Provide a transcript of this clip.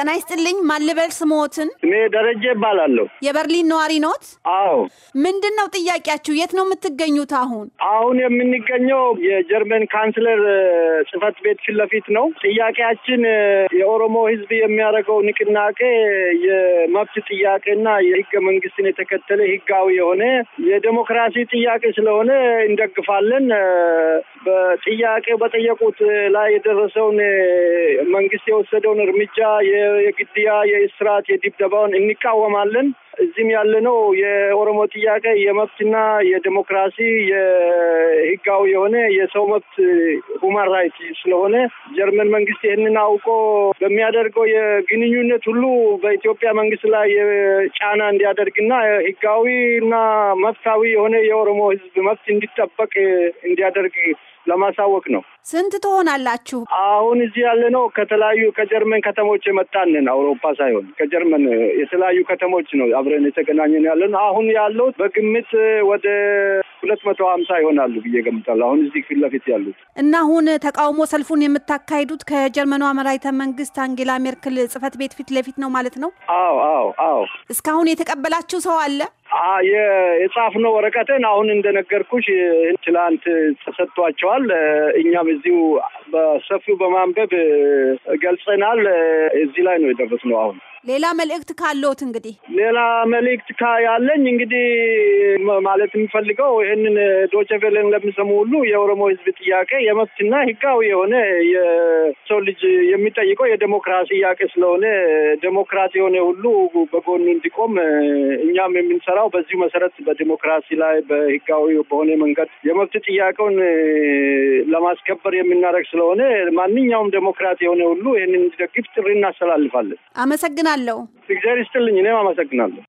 ጤና ይስጥልኝ። ማልበል ስሞትን? እኔ ደረጀ ይባላለሁ። የበርሊን ነዋሪ ኖት? አዎ። ምንድን ነው ጥያቄያችሁ? የት ነው የምትገኙት አሁን? አሁን የምንገኘው የጀርመን ካንስለር ጽህፈት ቤት ፊት ለፊት ነው። ጥያቄያችን የኦሮሞ ህዝብ የሚያደርገው ንቅናቄ የመብት ጥያቄና የህገ መንግስትን የተከተለ ህጋዊ የሆነ የዴሞክራሲ ጥያቄ ስለሆነ እንደግፋለን። በጥያቄ በጠየቁት ላይ የደረሰውን መንግስት የወሰደውን እርምጃ የግድያ፣ የእስራት፣ የድብደባውን እንቃወማለን። እዚህም ያለነው የኦሮሞ ጥያቄ የመብትና የዴሞክራሲ የህጋዊ የሆነ የሰው መብት ሁማን ራይት ስለሆነ ጀርመን መንግስት ይህንን አውቆ በሚያደርገው የግንኙነት ሁሉ በኢትዮጵያ መንግስት ላይ ጫና እንዲያደርግና ህጋዊና መብታዊ የሆነ የኦሮሞ ህዝብ መብት እንዲጠበቅ እንዲያደርግ ለማሳወቅ ነው። ስንት ትሆናላችሁ? አሁን እዚህ ያለ ነው ከተለያዩ ከጀርመን ከተሞች የመጣንን አውሮፓ ሳይሆን ከጀርመን የተለያዩ ከተሞች ነው አብረን የተገናኘን ያለን አሁን ያለው በግምት ወደ ሁለት መቶ ሀምሳ ይሆናሉ ብዬ ገምታለሁ። አሁን እዚህ ፊት ለፊት ያሉት እና አሁን ተቃውሞ ሰልፉን የምታካሂዱት ከጀርመኗ መራሒተ መንግስት አንጌላ ሜርክል ጽህፈት ቤት ፊት ለፊት ነው ማለት ነው? አዎ አዎ አዎ። እስካሁን የተቀበላችሁ ሰው አለ? የጻፍነው ወረቀትን አሁን እንደነገርኩሽ ትላንት ተሰጥቷቸዋል። እኛም እዚሁ በሰፊው በማንበብ ገልጸናል። እዚህ ላይ ነው የደረስነው አሁን ሌላ መልእክት ካለዎት? እንግዲህ ሌላ መልእክት ያለኝ እንግዲህ ማለት የምፈልገው ይህንን ዶቸቬለን ለሚሰሙ ሁሉ የኦሮሞ ህዝብ ጥያቄ የመብትና ህጋዊ የሆነ የሰው ልጅ የሚጠይቀው የዴሞክራሲ ጥያቄ ስለሆነ ዴሞክራሲ የሆነ ሁሉ በጎኑ እንዲቆም እኛም የምንሰራው በዚሁ መሰረት በዲሞክራሲ ላይ በህጋዊ በሆነ መንገድ የመብት ጥያቄውን ለማስከበር የምናደርግ ስለሆነ ማንኛውም ዴሞክራሲ የሆነ ሁሉ ይህንን እንዲደግፍ ጥሪ እናስተላልፋለን። አመሰግናለሁ። አመሰግናለሁ። እግዚአብሔር ይስጥልኝ። እኔም አመሰግናለሁ።